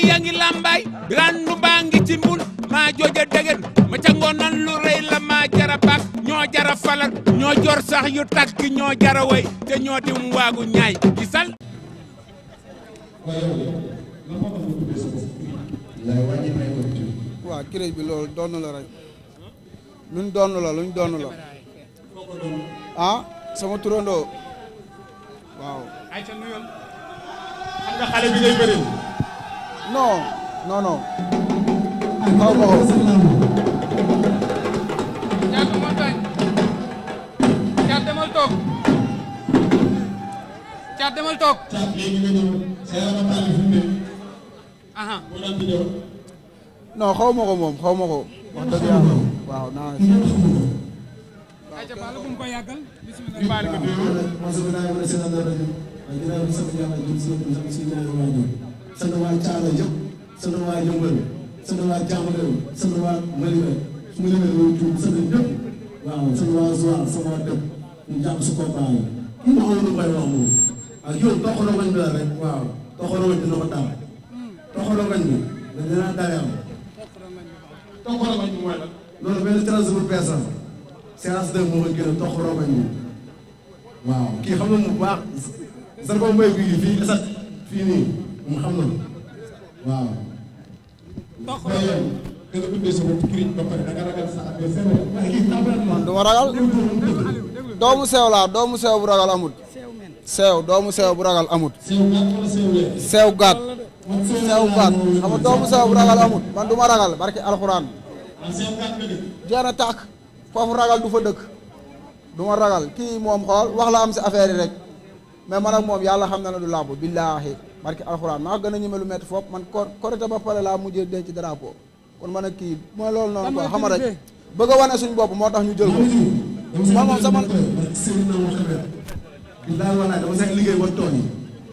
gaay yaa ngi làmbaay randu baa ngi ci mbul maa jooja degen ma ca ngoonan lu rëy la maa jara bak ñoo jara falal ñoo jor sax yu takk ñoo jara way te ñoo dim waagu ñaay gisal waaw kirij bi loolu doon rek luñ doon la ah, sama turandoo waaw. non non non. xaw ma ko. Thiat moo tooñ. Thiat demal toog. Thiat demal toog. Thiat léegi nga ñëw xëy non xaw ma ko moom xaw ma ko. wax dëgg yàlla waaw naa. waaw. sa waa Thialé yëpp sunu waa Yëmbël sunu waa Diamaguène sunu waa Malika Malika mooy tuub sunu ñëpp waaw sunu waa Zouar sama waa dëkk ñu jàpp si yi. ku ma xamoon lu koy wax moom ak yow toxaloo bañ la rek waaw toxaloo bañ bi dañ leen a dalal toxaloo bañ la séance deux moo koy gën a toxaloo bañ bi waaw kii xam nga mu baax Zarko Mbaye guy fii fii nii. moom xam na man du ragal. doomu seew laa doomu seew bu ragal amut. seew doomu seew bu ragal amut. seew gaat seew gaat xam doomu seew bu ragal amut man du ragal barki alxuraan. jeex na tàkk foofu ragal du fa dëkk. du ragal kii moom xool wax la am si affaire yi rek mais man ak moom yàlla xam na ne du làmb billaahi barki alxuraan maa gën a ñeme lu métti foofu man korite ba pare laa mujjee denc drapeau kon man a kii mooy loolu noonu quoi xam rek bëgg a wane suñu bopp moo tax ñu jël ko man moom sama daal liggéey war tool yi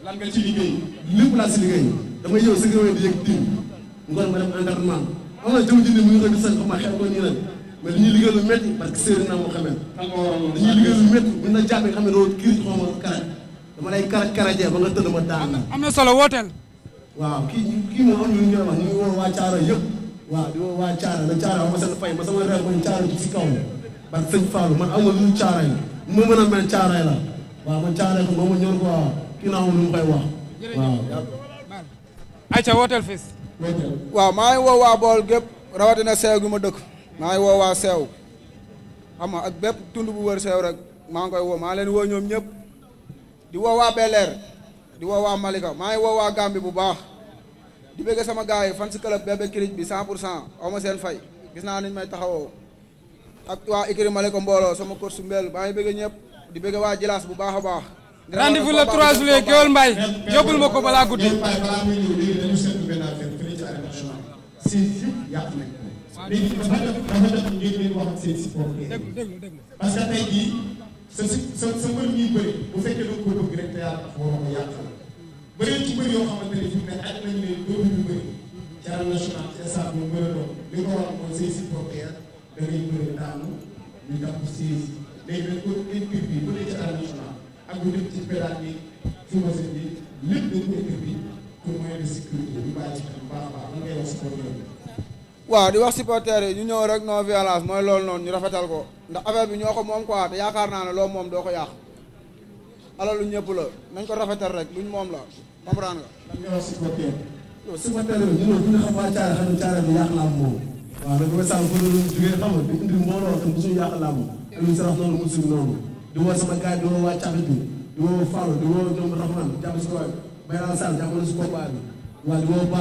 lan nga ci liggéey lépp ma ma dañuy liggéey lu métti parce que séeréer naa moo xamee dañuy liggéey lu métti bu na jàppee xam ne kii xaw ma karat ma lay karaj karajee ba nga tëdd ma daan la. am na solo wooteel. waaw kii kii moom am na lu ñu wax ñu ngi woo waa Caaro yëpp waaw di woo waa Caaro la Caaro ma seen fay ma sama réew man Caaro ci si kaw la parce que sëñ Fallou man amul lu Caaro yi mu mën a mel Caaro la waaw man Caaro ko moom ma ñor ko waaw kii naa moom lu mu koy wax waaw. ayca wooteel fii. waaw maa ngi woo waa bool gépp rawatina seew gi ma dëkk maa ngi woo waa seew xam nga ak bépp tund bu wër seew rek maa ngi koy woo maa leen woo ñoom ñëpp. di woo waa Bel-Air di woo waa Malika maa ngi woo waa Gambie bu baax di bëgg sama gars yi fan si club bébé kirij bi 100 pour cent aw seen fay gis naa ni may taxawoo ak waa Ikri Malika mbooloo sama kër su mbel maa ñëpp di bëgg waa Jilaas bu baax a baax. rendez-vous a 3 juillet Géol Mbaye yóbbul ma ko balaa guddi. parce que tey jii sa si sa sa mbër ñuy bëri bu fekkee da ko bëgg rek te yàlla tax waroo ko yàq la bëri ci mbër yoo xamante ne fi mu ne aj nañu ne dootuñu bëri ci arène nationale ci stade bi mu mën a doon li ko waral mooy say supporter da ngay bëri daanu ñu jàpp siis léegi nag kon équipe bi bu dee ci arène nationale ak bu dee ci bi ko équipe bi pour moyen de sécurité bi bàyyi ci xel bu baax a baax lan ngay wax waaw di wax supporters yi ñu ñëw rek non violence mooy loolu noonu ñu rafetal ko ndax affaire bi ñoo ko moom quoi te yaakaar naa ne loo moom doo ko yàq alalu ñëpp la nañ ko rafetal rek luñ moom la comprendre nga. lan nga wax supporters yi. supporters ñu ne ñu xam waa caare xam ne caare nga indi mbooloo xam mosuñu yàq làmb. amiin di woo sama gars di woo waa caare bi di woo Fall di woo ñoom Rahman jàpp si ko Bayral Sall waaw di woo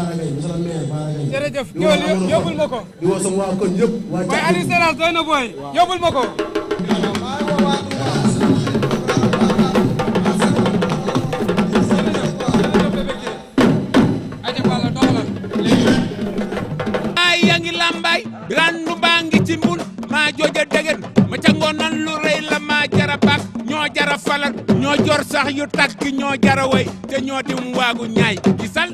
ay yaa ngi làmbaay. randu baa ngi ci mbul. maa jooja degen. ma ca ngoonan lu rëy la maa jara ñoo jara ñoo jor sax yu tàkk ñoo jara way. te ñoo dim ñaay gisal.